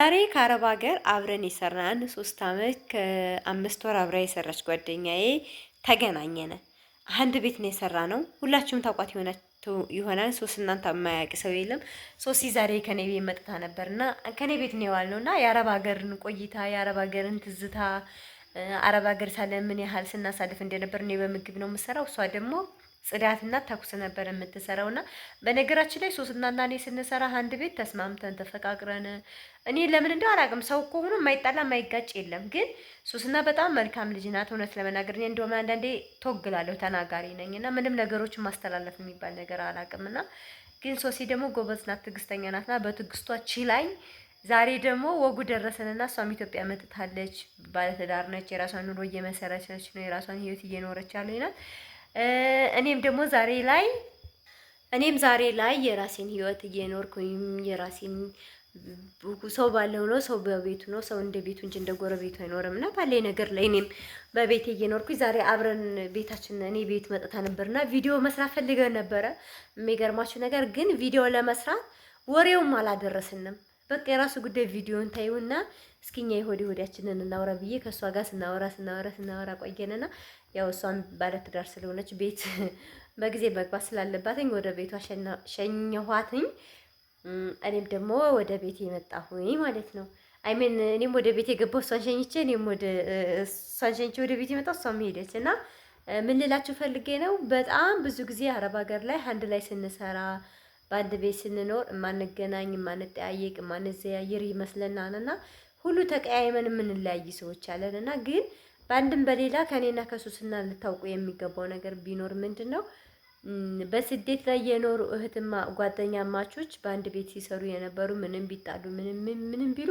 ዛሬ ከአረብ ሀገር አብረን የሰራን ሶስት አመት ከአምስት ወር አብራ የሰራች ጓደኛዬ ተገናኘነ። አንድ ቤት ነው የሰራ ነው። ሁላችሁም ታውቋት ይሆናል። ሶስት እናንተ የማያውቅ ሰው የለም። ሶስት ዛሬ ከኔ ቤት መጥታ ነበር እና ከኔ ቤት ነው የዋል ነው እና የአረብ ሀገርን ቆይታ የአረብ ሀገርን ትዝታ አረብ ሀገር ሳለ ምን ያህል ስናሳልፍ እንደነበር እኔ በምግብ ነው የምሰራው እሷ ደግሞ ጽዳትና ተኩስ ነበር የምትሰራው። እና በነገራችን ላይ ሶስናና እኔ ስንሰራ አንድ ቤት ተስማምተን ተፈቃቅረን፣ እኔ ለምን እንደው አላውቅም። ሰው እኮ ሆኖ የማይጣላ የማይጋጭ የለም። ግን ሶስትና በጣም መልካም ልጅ ናት። እውነት ለመናገር እኔ እንደውም አንዳንዴ ቶግላለሁ፣ ተናጋሪ ነኝ እና ምንም ነገሮች ማስተላለፍ የሚባል ነገር አላውቅም። እና ግን ሶሲ ደግሞ ጎበዝ ናት፣ ትዕግስተኛ ናትና በትዕግስቷ ችላኝ ዛሬ ደግሞ ወጉ ደረሰንና እሷም ኢትዮጵያ መጥታለች። ባለትዳር ነች። የራሷን ኑሮ እየመሰረተች ነው። የራሷን ህይወት እየኖረች ያለ ናት። እኔም ደግሞ ዛሬ ላይ እኔም ዛሬ ላይ የራሴን ህይወት እየኖርኩኝ የራሴን ሰው ባለው ነው፣ ሰው በቤቱ ነው። ሰው እንደ ቤቱ እንጂ እንደ ጎረቤቱ አይኖርም። እና ባለኝ ነገር ላይ እኔም በቤቴ እየኖርኩኝ ዛሬ አብረን ቤታችን እኔ ቤት መጥታ ነበርና ቪዲዮ መስራት ፈልገን ነበረ። የሚገርማችሁ ነገር ግን ቪዲዮ ለመስራት ወሬውም አላደረስንም። በቃ የራሱ ጉዳይ ቪዲዮን ታዩና እስኪኛ የሆድ ሆዳችንን እናውራ ብዬ ከእሷ ጋር ስናወራ ስናወራ ስናወራ ቆየንና ያው እሷን ባለትዳር ስለሆነች ቤት በጊዜ መግባት ስላለባትኝ ወደ ቤቷ ሸኘኋትኝ። እኔም ደግሞ ወደ ቤት የመጣሁኝ ማለት ነው። አይሜን እኔም ወደ ቤት የገባሁ እሷን ሸኝቼ እኔም ወደ እሷን ሸኝቼ ወደ ቤት የመጣሁ እሷም ሄደች እና ምን ልላችሁ ፈልጌ ነው፣ በጣም ብዙ ጊዜ አረብ ሀገር ላይ አንድ ላይ ስንሰራ በአንድ ቤት ስንኖር የማንገናኝ የማንጠያየቅ የማንዘያየር ይመስለናል እና ሁሉ ተቀያይመን የምንለያይ ሰዎች አለን እና ግን በአንድም በሌላ ከእኔና ከሱስና ልታውቁ የሚገባው ነገር ቢኖር ምንድን ነው? በስደት ላይ የኖሩ እህትማ ጓደኛማቾች በአንድ ቤት ሲሰሩ የነበሩ ምንም ቢጣሉ ምንም ቢሉ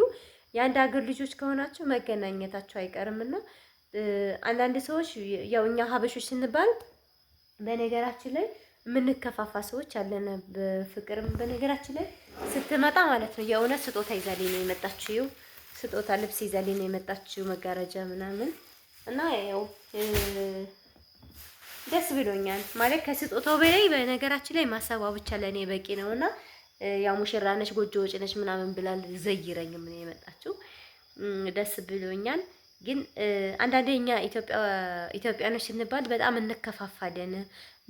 የአንድ ሀገር ልጆች ከሆናቸው መገናኘታቸው አይቀርምና አንዳንድ ሰዎች ያው እኛ ሀበሾች ስንባል በነገራችን ላይ የምንከፋፋ ሰዎች አለን። በፍቅርም በነገራችን ላይ ስትመጣ ማለት ነው የእውነት ስጦታ ይዛልኝ ነው የመጣችው። ስጦታ ልብስ ይዛልኝ ነው የመጣችው መጋረጃ ምናምን እና ያው ደስ ብሎኛል ማለት ከስጦታው በላይ በነገራችን ላይ ማሰቧ ብቻ ለእኔ በቂ ነው። እና ያው ሙሽራ ነች ጎጆ ወጪ ነች ምናምን ብላል ዘይረኝ ምን የመጣችው ደስ ብሎኛል። ግን አንዳንዴ እኛ ኢትዮጵያኖች ስንባል በጣም እንከፋፋለን፣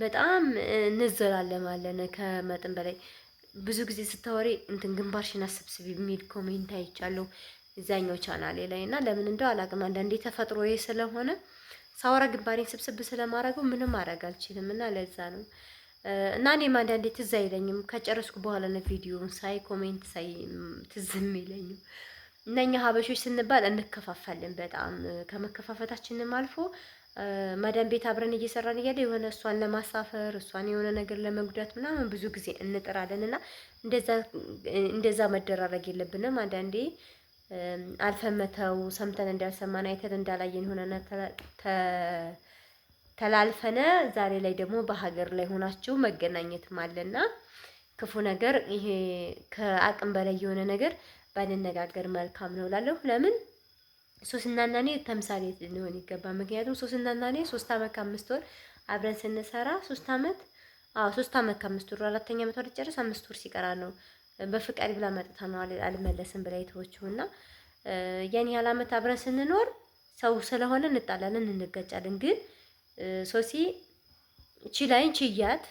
በጣም እንዘላለማለን ከመጠን በላይ ብዙ ጊዜ ስታወሪ እንትን ግንባርሽን አሰብስቢ የሚል ኮሜንት አይቻለሁ። እዛኛው ቻናሌ ላይ እና ለምን እንደው አላውቅም አንዳንዴ ተፈጥሮ ስለሆነ ሳወራ ግንባሬን ስብስብ ስለማረገው ምንም ማድረግ አልችልም እና ለዛ ነው እና እኔም አንዳንዴ ትዝ አይለኝም ከጨረስኩ በኋላ ነው ቪዲዮውን ሳይ ኮሜንት ሳይ ትዝ የሚለኝም እነኛ ሀበሾች ስንባል እንከፋፋለን። በጣም ከመከፋፈታችንም አልፎ ማዳም ቤት አብረን እየሰራን እያለ የሆነ እሷን ለማሳፈር እሷን የሆነ ነገር ለመጉዳት ምናምን ብዙ ጊዜ እንጥራለን እና እንደዛ መደራረግ የለብንም አንዳንዴ አልፈመተው ሰምተን እንዳልሰማን አይተን እንዳላየን ሆነና ተላልፈነ። ዛሬ ላይ ደግሞ በሀገር ላይ ሆናችሁ መገናኘትም አለና ክፉ ነገር ይሄ ከአቅም በላይ የሆነ ነገር ባንነጋገር መልካም ነው እላለሁ። ለምን ሶስናና እኔ ተምሳሌት ልንሆን ይገባ። ምክንያቱም ሶስናና እኔ ሶስት አመት ከአምስት ወር አብረን ስንሰራ ሶስት አመት አዎ ሶስት አመት ከአምስት ወር አራተኛ አመት ወር ጨርስ አምስት ወር ሲቀራ ነው በፍቃድ ብላ መጥታ ነው አልመለስም ብላ የተወችውና ያን ያህል ዓመት አብረን ስንኖር ሰው ስለሆነ እንጣላለን፣ እንገጫለን። ግን ሶሲ ችላይን ችያት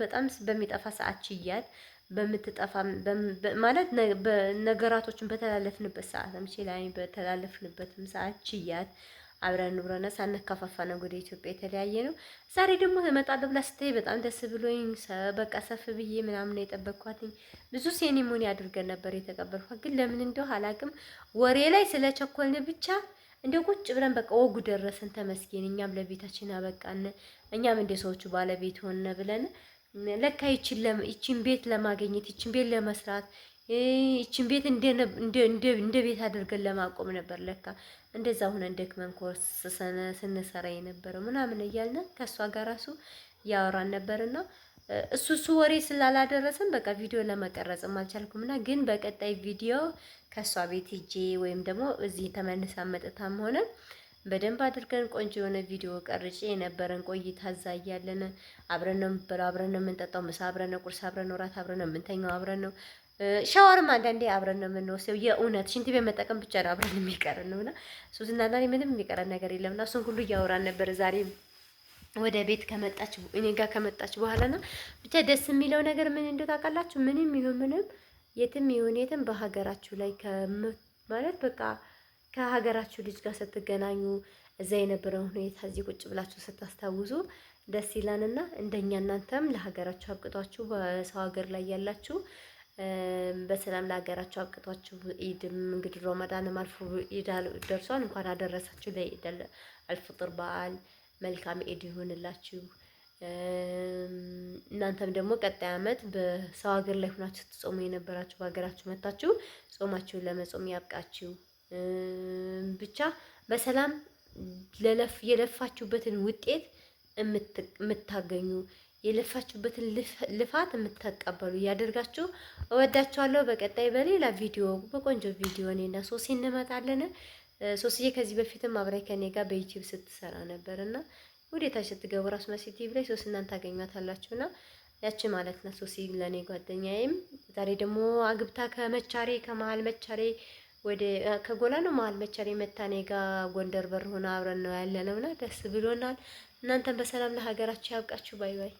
በጣም በሚጠፋ ሰዓት ችያት በምትጠፋ ማለት ነገራቶችን በተላለፍንበት ሰዓት ችላይን በተላለፍንበትም ሰዓት ችያት አብረን ኑረን ሳንከፋፋ ነው ወደ ኢትዮጵያ የተለያየ ነው። ዛሬ ደግሞ እመጣለሁ ብላ ስትይ በጣም ደስ ብሎኝ በቃ ሰፍ ብዬ ምናምን የጠበቅኳትኝ ብዙ ሴኒሞኒ አድርገን ነበር የተቀበልኳት። ግን ለምን እንደው አላውቅም ወሬ ላይ ስለቸኮልን ብቻ እንደ ቁጭ ብለን በቃ ወጉ ደረሰን ተመስገን። እኛም ለቤታችን አበቃን። እኛም እንደ ሰዎቹ ባለቤት ሆነ ብለን ለካ ይችን ቤት ለማግኘት ይችን ቤት ለመስራት ይችን ቤት እንደ ቤት አድርገን ለማቆም ነበር። ለካ እንደዛ ሁነን ደክመን ኮርስ ስንሰራ የነበረው ምናምን እያልን ከእሷ ጋር ራሱ ያወራን ነበርና እሱ እሱ ወሬ ስላላደረሰን በቃ ቪዲዮ ለመቀረጽም አልቻልኩም እና ግን በቀጣይ ቪዲዮ ከእሷ ቤት ሂጄ ወይም ደግሞ እዚህ ተመልሳ መጥታም ሆነ በደንብ አድርገን ቆንጆ የሆነ ቪዲዮ ቀርጬ የነበረን ቆይታ እዛ እያለን አብረን ነው የምንበላው፣ አብረን ነው የምንጠጣው፣ ምሳ አብረን ነው፣ ቁርስ አብረን ነው፣ እራት አብረን ነው የምንተኛው፣ አብረን ነው ሻወርም አንዳንዴ አብረን ነው የምንወስደው። የእውነት ሽንት ቤት መጠቀም ብቻ ነው አብረን የሚቀረን ነው እና ሱዝና ምንም የሚቀረን ነገር የለም እና እሱን ሁሉ እያወራን ነበር ዛሬ ወደ ቤት ከመጣች እኔ ጋር ከመጣች በኋላ ና ብቻ ደስ የሚለው ነገር ምን እንደው ታውቃላችሁ፣ ምንም ይሁን ምንም የትም ይሁን የትም በሀገራችሁ ላይ ማለት በቃ ከሀገራችሁ ልጅ ጋር ስትገናኙ እዛ የነበረውን ሁኔታ እዚህ ቁጭ ብላችሁ ስታስታውሱ ደስ ይላልና እንደኛ እናንተም ለሀገራችሁ አብቅቷችሁ በሰው ሀገር ላይ ያላችሁ በሰላም ለሀገራቸው አብቅቷችሁ ኢድም እንግዲህ ሮመዳንም አልፎ ኢድ ደርሷል። እንኳን አደረሳችሁ ለኢድ አልፍጥር በዓል መልካም ኢድ ይሁንላችሁ። እናንተም ደግሞ ቀጣይ ዓመት በሰው ሀገር ላይ ሆናችሁ ስትጾሙ የነበራችሁ በሀገራችሁ መታችሁ ጾማችሁን ለመጾም ያብቃችሁ። ብቻ በሰላም የለፋችሁበትን ውጤት የምታገኙ የለፋችሁበትን ልፋት የምትቀበሉ እያደርጋችሁ እወዳችኋለሁ። በቀጣይ በሌላ ቪዲዮ በቆንጆ ቪዲዮ እኔና ሶሲ እንመጣለን። ሶስዬ ከዚህ በፊትም አብራይ ከኔ ጋር በዩቲዩብ ስትሰራ ነበር እና ውዴታ ስትገቡ ራስ መሴቲቭ ላይ ሶስ እናንተ ና ያቺ ማለት ነው ሶሲ ለእኔ ጓደኛዬም። ዛሬ ደግሞ አግብታ ከመቻሬ ከመሀል መቻሬ ወደ ከጎላ ነው መሀል መቻሬ መታ እኔ ጎንደር በር ሆነ አብረን ነው ያለነውና ደስ ብሎናል። እናንተም በሰላም ለሀገራችሁ ያብቃችሁ። ባይ ባይ።